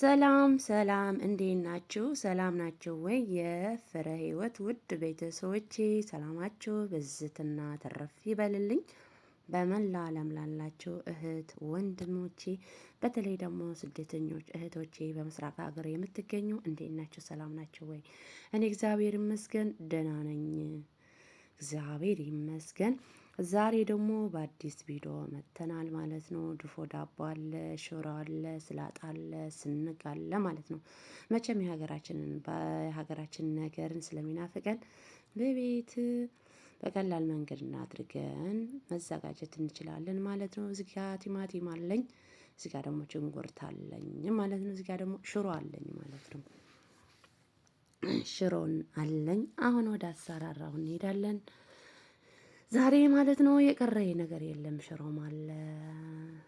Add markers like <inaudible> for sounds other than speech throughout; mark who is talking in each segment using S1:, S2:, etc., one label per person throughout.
S1: ሰላም ሰላም፣ እንዴት ናችሁ? ሰላም ናችሁ ወይ? የፍረ ህይወት ውድ ቤተሰቦቼ ሰላማችሁ ብዝትና ተረፍ ይበልልኝ። በመላ ዓለም ላላችሁ እህት ወንድሞቼ፣ በተለይ ደግሞ ስደተኞች እህቶቼ በምስራቅ ሀገር የምትገኙ እንዴት ናችሁ? ሰላም ናችሁ ወይ? እኔ እግዚአብሔር ይመስገን ደህና ነኝ። እግዚአብሔር ይመስገን። ዛሬ ደግሞ በአዲስ ቪዲዮ መጥተናል ማለት ነው። ድፎ ዳቦ አለ፣ ሽሮ አለ፣ ስላጣ አለ፣ ስንግ አለ ማለት ነው። መቼም የሀገራችንን በሀገራችን ነገርን ስለሚናፍቀን በቤት በቀላል መንገድ እናድርገን መዘጋጀት እንችላለን ማለት ነው። እዚጋ ቲማቲም አለኝ፣ እዚጋ ደግሞ ችንጉርት አለኝ ማለት ነው። እዚጋ ደግሞ ሽሮ አለኝ ማለት ነው። ሽሮን አለኝ። አሁን ወደ አሰራራው እንሄዳለን። ዛሬ ማለት ነው የቀረ ነገር የለም። ሽሮም አለ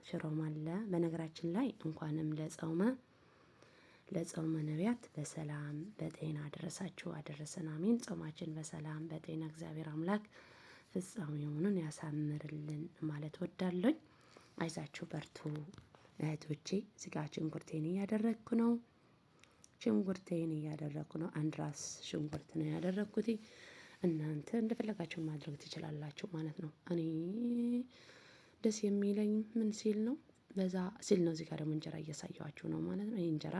S1: ሽሮም አለ። በነገራችን ላይ እንኳንም ለጾመ ለጾመ ነቢያት በሰላም በጤና አደረሳችሁ አደረሰን። አሜን። ጾማችን በሰላም በጤና እግዚአብሔር አምላክ ፍጻሜውን ያሳምርልን ማለት ወዳለኝ። አይዛችሁ በርቱ እህቶቼ። ስጋ ሽንኩርቴን እያደረግኩ ነው። ሽንኩርቴን እያደረግኩ ነው። አንድ ራስ ሽንኩርት ነው ያደረግኩት። እናንተ እንደፈለጋችሁ ማድረግ ትችላላችሁ ማለት ነው። እኔ ደስ የሚለኝ ምን ሲል ነው በዛ ሲል ነው። እዚህ ጋር ደግሞ እንጀራ እያሳየኋችሁ ነው ማለት ነው። እንጀራ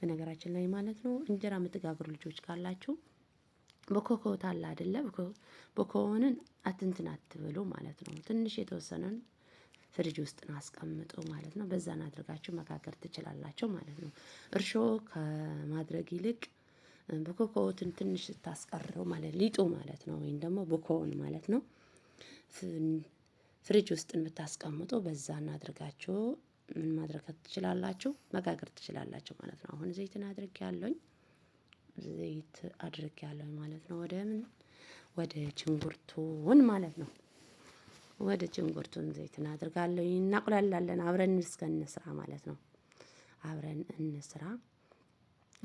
S1: በነገራችን ላይ ማለት ነው እንጀራ የምትጋግሩ ልጆች ካላችሁ በኮኮታ አለ አይደለ? በኮሆንን አትንትን አትብሉ ማለት ነው። ትንሽ የተወሰነን ፍሪጅ ውስጥ አስቀምጡ ማለት ነው። በዛን አድርጋችሁ መጋገር ትችላላችሁ ማለት ነው። እርሾ ከማድረግ ይልቅ ቡኮኮዎትን ትንሽ ስታስቀረው ማለት ሊጡ ማለት ነው፣ ወይም ደግሞ ብኮውን ማለት ነው። ፍሪጅ ውስጥን ብታስቀምጡ በዛ እናድርጋችሁ ምን ማድረግ ትችላላችሁ? መጋገር ትችላላችሁ ማለት ነው። አሁን ዘይትን አድርግ ያለኝ ዘይት አድርግ ያለኝ ማለት ነው። ወደ ምን ወደ ችንጉርቱን ማለት ነው። ወደ ችንጉርቱን ዘይትን አድርጋለሁ። እናቁላላለን አብረን እስከ እንስራ ማለት ነው። አብረን እንስራ።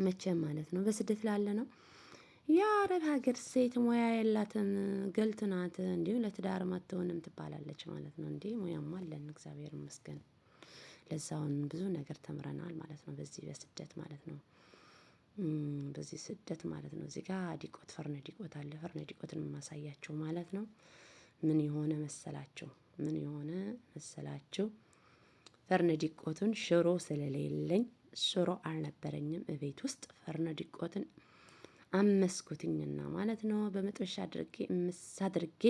S1: መቼም ማለት ነው በስደት ላለ ነው። የአረብ ሀገር ሴት ሙያ የላትም ገልት ናት ለትዳር ለትዳርም አትሆንም ትባላለች ማለት ነው። እንዲህ ሙያም አለን እግዚአብሔር ይመስገን። ለዛውን ብዙ ነገር ተምረናል ማለት ነው በዚህ በስደት ማለት ነው። በዚህ ስደት ማለት ነው እዚህ ጋር ዲቆት ፈርነ ዲቆት አለ ፈርነ ዲቆትን የማሳያቸው ማለት ነው። ምን የሆነ መሰላቸው? ምን የሆነ መሰላቸው ፈርነ ዲቆቱን ሽሮ ስለሌለኝ ሽሮ አልነበረኝም እቤት ውስጥ ፈርነ ዲቆትን አመስኩትኝና ማለት ነው። በመጥበሻ አድርጌ ምስ አድርጌ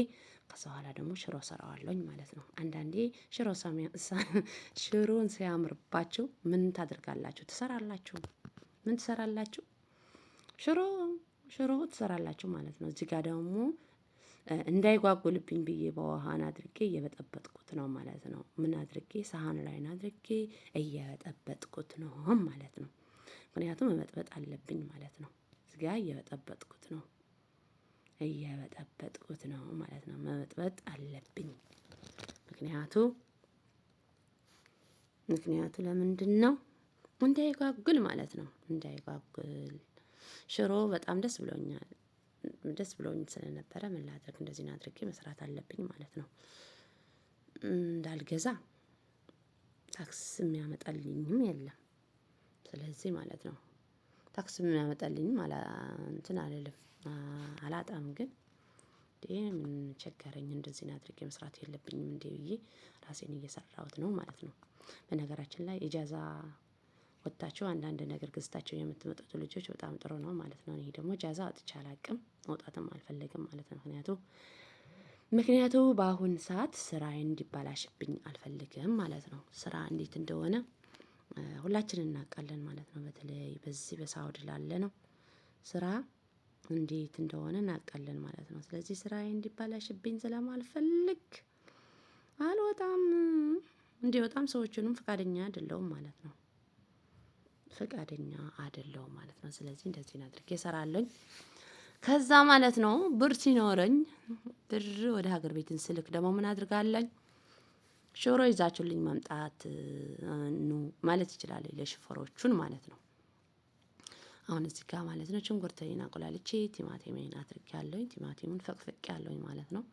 S1: ከዛ በኋላ ደግሞ ሽሮ ሰራዋለኝ ማለት ነው። አንዳንዴ ሽሮ <laughs> ሽሮን ሲያምርባችሁ ምን ታደርጋላችሁ? ትሰራላችሁ። ምን ትሰራላችሁ? ሽሮ ሽሮ ትሰራላችሁ ማለት ነው። እዚህ ጋር ደግሞ እንዳይጓጉልብኝ ብዬ በውሃን አድርጌ እየበጠበጥኩት ነው ማለት ነው። ምን አድርጌ ሳህን ላይን አድርጌ እየበጠበጥኩት ነው ማለት ነው። ምክንያቱም መበጥበጥ አለብኝ ማለት ነው። እዚጋ እየበጠበጥኩት ነው እየበጠበጥኩት ነው ማለት ነው። መበጥበጥ አለብኝ ምክንያቱ ምክንያቱ ለምንድን ነው? እንዳይጓጉል ማለት ነው። እንዳይጓጉል ሽሮ በጣም ደስ ብሎኛል። ደስ ብሎኝ ስለነበረ ምን ላድርግ እንደዚህ አድርጌ መስራት አለብኝ ማለት ነው። እንዳልገዛ ታክስ የሚያመጣልኝም የለም። ስለዚህ ማለት ነው ታክስ የሚያመጣልኝም እንትን አልልም አላጣም። ግን ምን ቸገረኝ እንደዚህ አድርጌ መስራት የለብኝም እንዴ ብዬ ራሴን እየሰራሁት ነው ማለት ነው። በነገራችን ላይ ኢጃዛ ወጥታችሁ አንዳንድ ነገር ገዝታችሁ የምትመጡት ልጆች በጣም ጥሩ ነው ማለት ነው። ይሄ ደግሞ ጃዛ አጥቼ አላቅም፣ መውጣትም አልፈለግም ማለት ነው። ምክንያቱ ምክንያቱ በአሁን ሰዓት ስራ እንዲባላሽብኝ አልፈልግም ማለት ነው። ስራ እንዴት እንደሆነ ሁላችን እናውቃለን ማለት ነው። በተለይ በዚህ በሳውድ ላለ ነው ስራ እንዴት እንደሆነ እናውቃለን ማለት ነው። ስለዚህ ስራ እንዲባላሽብኝ ስለማልፈልግ አልወጣም፣ እንዲወጣም ሰዎቹንም ፈቃደኛ አይደለውም ማለት ነው። ፈቃደኛ አደለው ማለት ነው። ስለዚህ እንደዚህ አድርጌ እሰራለኝ። ከዛ ማለት ነው ብር ሲኖረኝ ብር ወደ ሀገር ቤትን ስልክ ደግሞ ምን አድርጋለኝ ሽሮ ይዛችሁልኝ መምጣት ኑ ማለት ይችላል፣ ለሽፈሮቹን ማለት ነው። አሁን እዚህ ጋር ማለት ነው ሽንኩርቴን አቆላልቼ ቲማቲሜን ያለኝ ቲማቲሙን ፈቅፈቅ ያለኝ ማለት ነው።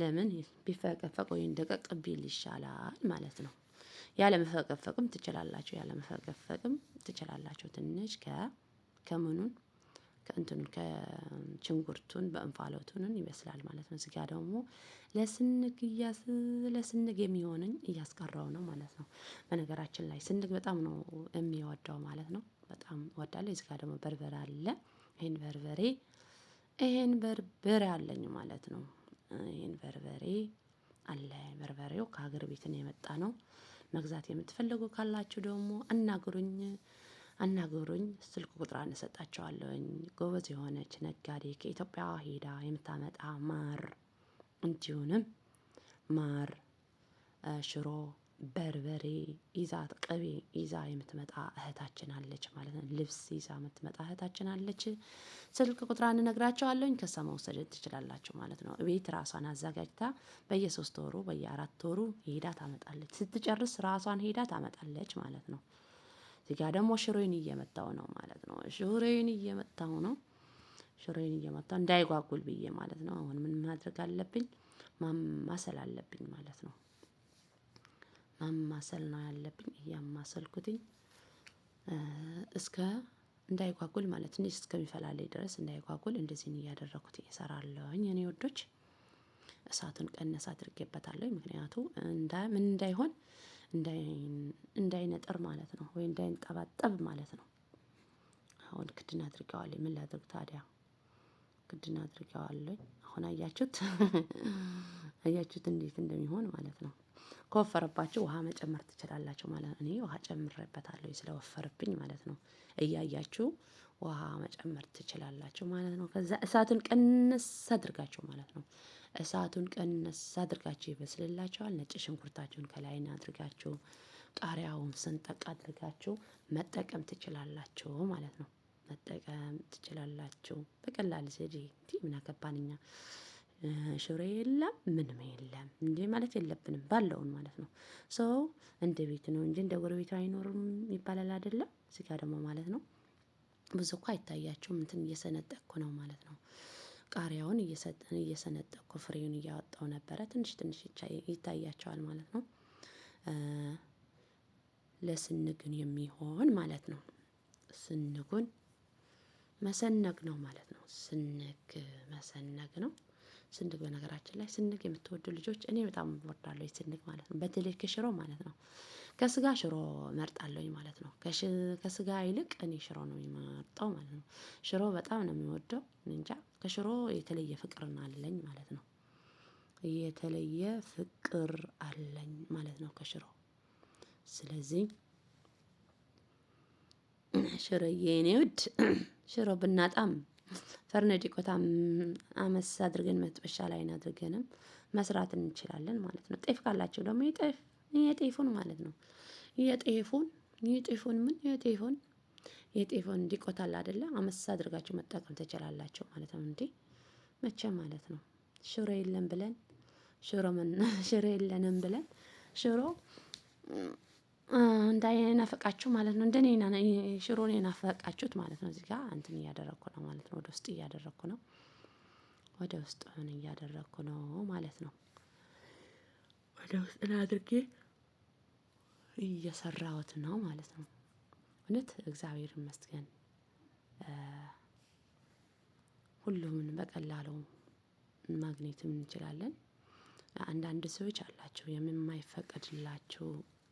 S1: ለምን ቢፈቀፈቅ ወይም ደቀቅ ቢል ይሻላል ማለት ነው። ያለመፈቀፈቅም ትችላላችሁ ያለመፈቀፈቅም ትችላላችሁ። ትንሽ ከ ከምኑን ከእንትኑን ከሽንኩርቱን በእንፋሎቱንን ይመስላል ማለት ነው። እዚጋ ደግሞ ለስንግ እያስ ለስንግ የሚሆነኝ እያስቀረው ነው ማለት ነው። በነገራችን ላይ ስንግ በጣም ነው የሚወደው ማለት ነው። በጣም ወዳለ። እዚጋ ደግሞ በርበሬ አለ። ይሄን በርበሬ ይሄን በርበሬ አለኝ ማለት ነው። ይሄን በርበሬ አለ። በርበሬው ከሀገር ቤትን የመጣ ነው። መግዛት የምትፈልጉ ካላችሁ ደግሞ አናግሩኝ አናገሩኝ ስልክ ቁጥር እሰጣችኋለሁኝ። ጎበዝ የሆነች ነጋዴ ከኢትዮጵያ ሄዳ የምታመጣ ማር እንዲሁንም ማር ሽሮ በርበሬ ይዛ ቅቤ ይዛ የምትመጣ እህታችን አለች ማለት ነው። ልብስ ይዛ የምትመጣ እህታችን አለች። ስልክ ቁጥራ እንነግራቸዋለሁኝ ከሰ መውሰድ ትችላላችሁ ማለት ነው። ቤት ራሷን አዘጋጅታ በየሶስት ወሩ በየአራት ወሩ ሄዳ ታመጣለች። ስትጨርስ ራሷን ሄዳ ታመጣለች ማለት ነው። እዚጋ ደግሞ ሽሮይን እየመታው ነው ማለት ነው። ሽሮይን እየመታው ነው ሽሮይን እየመጣው እንዳይጓጉል ብዬ ማለት ነው። አሁን ምን ማድረግ አለብኝ? ማሰል አለብኝ ማለት ነው። ማማሰል ነው ያለብኝ። እያማሰልኩትኝ እስከ እንዳይጓጉል ማለት ትንሽ እስከሚፈላለይ ድረስ እንዳይጓጉል እንደዚህ እያደረኩት እሰራለሁኝ። እኔ ወዶች እሳቱን ቀነስ አድርጌበታለሁ። ምክንያቱ ምን እንዳይሆን እንዳይነጥር ማለት ነው፣ ወይ እንዳይንጠባጠብ ማለት ነው። አሁን ክድን አድርጌዋለሁ። ምን ላድርግ ታዲያ? ክድን አድርጌዋለሁ። አሁን አያችሁት፣ <laughs> አያችሁት እንዴት እንደሚሆን ማለት ነው። ከወፈረባችሁ ውሃ መጨመር ትችላላችሁ ማለት ነው። እኔ ውሃ ጨምሬበታለሁ ስለወፈረብኝ ማለት ነው። እያያችሁ ውሃ መጨመር ትችላላችሁ ማለት ነው። ከዛ እሳቱን ቀነስ አድርጋችሁ ማለት ነው። እሳቱን ቀነስ አድርጋችሁ ይበስልላችኋል። ነጭ ሽንኩርታችሁን ከላይ አድርጋችሁ ቃሪያውን ስንጠቅ አድርጋችሁ መጠቀም ትችላላችሁ ማለት ነው። መጠቀም ትችላላችሁ። በቀላል ዘዴ ምን ሽሬ የለም ምንም የለም እንጂ ማለት የለብንም ባለውን ማለት ነው። ሰው እንደ ቤት ነው እንጂ እንደ ጎረቤቱ አይኖርም ይባላል አይደለም እዚህ ጋር ደግሞ ማለት ነው። ብዙ እኮ አይታያቸውም እንትን እየሰነጠቅኩ ነው ማለት ነው። ቃሪያውን እየሰነጠቅኩ ፍሬውን እያወጣው ነበረ ትንሽ ትንሽ ይታያቸዋል ማለት ነው። ለስንግን የሚሆን ማለት ነው። ስንጉን መሰነግ ነው ማለት ነው። ስንግ መሰነግ ነው ስንድግ በነገራችን ላይ ስንግ የምትወዱ ልጆች እኔ በጣም ወዳለሁ ስንድግ ማለት ነው። በተለይ ከሽሮ ማለት ነው። ከስጋ ሽሮ መርጣለኝ ማለት ነው። ከስጋ ይልቅ እኔ ሽሮ ነው የሚመርጠው ማለት ነው። ሽሮ በጣም ነው የሚወደው እንጃ ከሽሮ የተለየ ፍቅር አለኝ ማለት ነው። የተለየ ፍቅር አለኝ ማለት ነው ከሽሮ ስለዚህ ሽሮዬ የኔ ውድ ሽሮ ብናጣም ፈርነ ቆታ አመስ አድርገን መጥበሻ ላይ አድርገንም መስራት እንችላለን ማለት ነው። ጤፍ ካላቸው ደግሞ የጤፍ የጤፉን ማለት ነው የጤፉን የጤፉን ምን የጤፉን የጤፉን ዲቆታ አለ አይደለ አመስ አድርጋችሁ መጠቀም ትችላላችሁ ማለት ነው። እንዴ መቼ ማለት ነው ሽሮ የለም ብለን ሽሮ ምን ሽሮ የለንም ብለን ሽሮ እንዳይናፈቃችሁ ማለት ነው። እንደኔ ሽሮን የናፈቃችሁት ማለት ነው። እዚህ ጋር እንትን እያደረግኩ ነው ማለት ነው። ወደ ውስጥ እያደረግኩ ነው። ወደ ውስጥ ሆን እያደረግኩ ነው ማለት ነው። ወደ ውስጥ አድርጌ እየሰራሁት ነው ማለት ነው። እውነት እግዚአብሔር ይመስገን። ሁሉምን በቀላሉ ማግኘትም እንችላለን። አንዳንድ ሰዎች አላቸው የማይፈቀድላቸው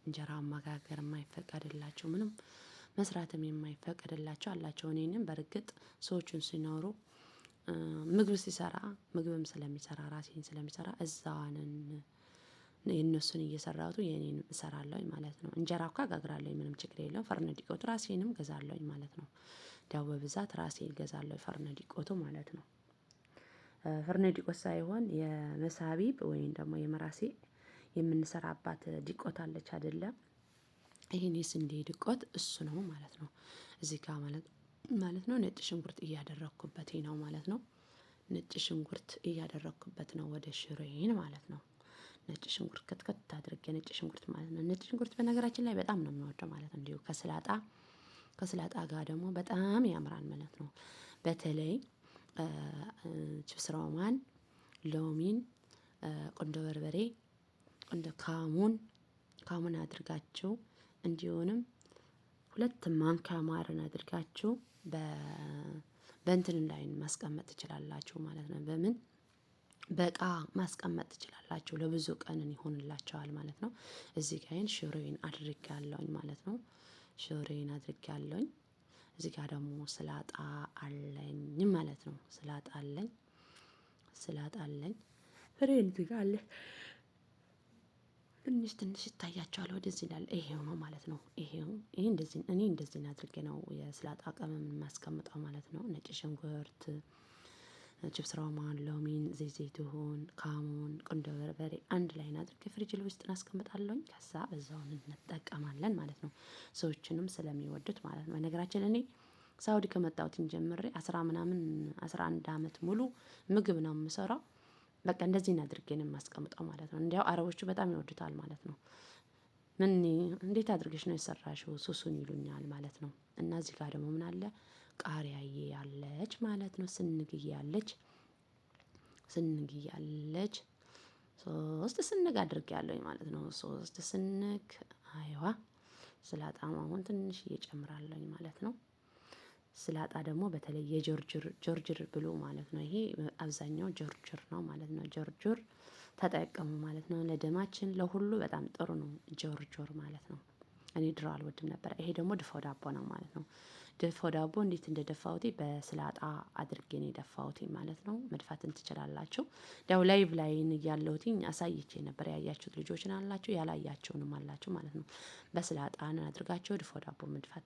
S1: እንጀራ መጋገር የማይፈቀድላቸው ምንም መስራትም የማይፈቀድላቸው አላቸው። እኔንም በርግጥ ሰዎቹን ሲኖሩ ምግብ ሲሰራ ምግብም ስለሚሰራ ራሴን ስለሚሰራ እዛዋንን የእነሱን እየሰራቱ የኔንም እሰራለሁኝ ማለት ነው። እንጀራ እኳ እጋግራለሁኝ ምንም ችግር የለውም ፈርነ ዲቆቱ ራሴንም እገዛለሁኝ ማለት ነው። ዳቦ በብዛት ራሴ ገዛለሁ ፈርነ ዲቆቱ ማለት ነው። ፈርነ ዲቆት ሳይሆን የመሳቢብ ወይም ደግሞ የመራሴ የምንሰራባት ዲቆት አለች አይደለም ይህን የስንዴ ድቆት እሱ ነው ማለት ነው። እዚህ ጋር ማለት ማለት ነው ነጭ ሽንኩርት እያደረግኩበት ነው ማለት ነው። ነጭ ሽንኩርት እያደረግኩበት ነው ወደ ሽሮዬን ማለት ነው። ነጭ ሽንኩርት ከትከት አድርጌ ነጭ ሽንኩርት ማለት ነው። ነጭ ሽንኩርት በነገራችን ላይ በጣም ነው የሚወደው ማለት ነው። እንዲሁ ከስላጣ ከስላጣ ጋር ደግሞ በጣም ያምራል ማለት ነው። በተለይ ችብስ ሮማን፣ ሎሚን፣ ቁንዶ በርበሬ እንደ ካሙን ካሙን አድርጋችሁ እንዲሆንም ሁለት ማንካ ማርን አድርጋችሁ በእንትን ላይ ማስቀመጥ ትችላላችሁ ማለት ነው። በምን በቃ ማስቀመጥ ትችላላችሁ። ለብዙ ቀንን ይሆንላቸዋል ማለት ነው። እዚህ ጋር ይሄን ሽሮዬን አድርጌያለሁኝ ማለት ነው። ሽሮዬን አድርጋለሁኝ። እዚህ ጋር ደግሞ ስላጣ አለኝ ማለት ነው። ስላጣ አለኝ፣ ስላጣ አለኝ፣ ፍሬን እዚህ ጋር አለ። ትንሽ ትንሽ ይታያቸዋል። ወደዚህ ይላል። ይሄው ነው ማለት ነው። ይሄው ይሄ እንደዚህ እኔ እንደዚህ አድርጌ ነው የስላጣ ቅመም የማስቀምጠው ማለት ነው። ነጭ ሽንኩርት፣ ችብስ ሮማን፣ ሎሚን፣ ዘይት ዘይቱን፣ ካሙን፣ ቁንዶ በርበሬ አንድ ላይ አድርጌ ፍሪጅ ውስጥ እናስቀምጣለሁኝ። ከዛ በዛውን እንጠቀማለን ማለት ነው። ሰዎችንም ስለሚወዱት ማለት ነው። ነገራችን እኔ ሳውዲ ከመጣሁትን ጀምሬ አስራ ምናምን አስራ አንድ አመት ሙሉ ምግብ ነው የምሰራው በቃ እንደዚህ አድርጌ ነው የማስቀምጠው ማለት ነው። እንዲያው አረቦቹ በጣም ይወዱታል ማለት ነው። ምን እንዴት አድርገሽ ነው የሰራሽው ሱሱን ይሉኛል ማለት ነው። እና እዚህ ጋር ደግሞ ምን አለ ቃሪያዬ ያለች ማለት ነው። ስንግዬ ያለች ስንግ ያለች ሶስት ስንግ አድርጌያለሁኝ ማለት ነው። ሶስት ስንግ አይዋ ስላጣም አሁን ትንሽ እየጨምራለኝ ማለት ነው። ስላጣ ደግሞ በተለይ የጆርጅር ጆርጅር ብሎ ማለት ነው። ይሄ አብዛኛው ጆርጅር ነው ማለት ነው። ጆርጅር ተጠቀሙ ማለት ነው። ለደማችን ለሁሉ በጣም ጥሩ ነው ጆርጆር ማለት ነው። እኔ ድሮ አልወድም ነበር። ይሄ ደግሞ ድፎ ዳቦ ነው ማለት ነው። ድፎ ዳቦ እንዴት እንደደፋሁት በስላጣ አድርጌ ነው የደፋሁት ማለት ነው። መድፋትን ትችላላችሁ። ያው ላይቭ ላይን እያለሁትኝ አሳይቼ ነበር። ያያችሁት ልጆችን አላችሁ፣ ያላያችሁንም አላችሁ ማለት ነው። በስላጣን አድርጋችሁ ድፎ ዳቦ መድፋት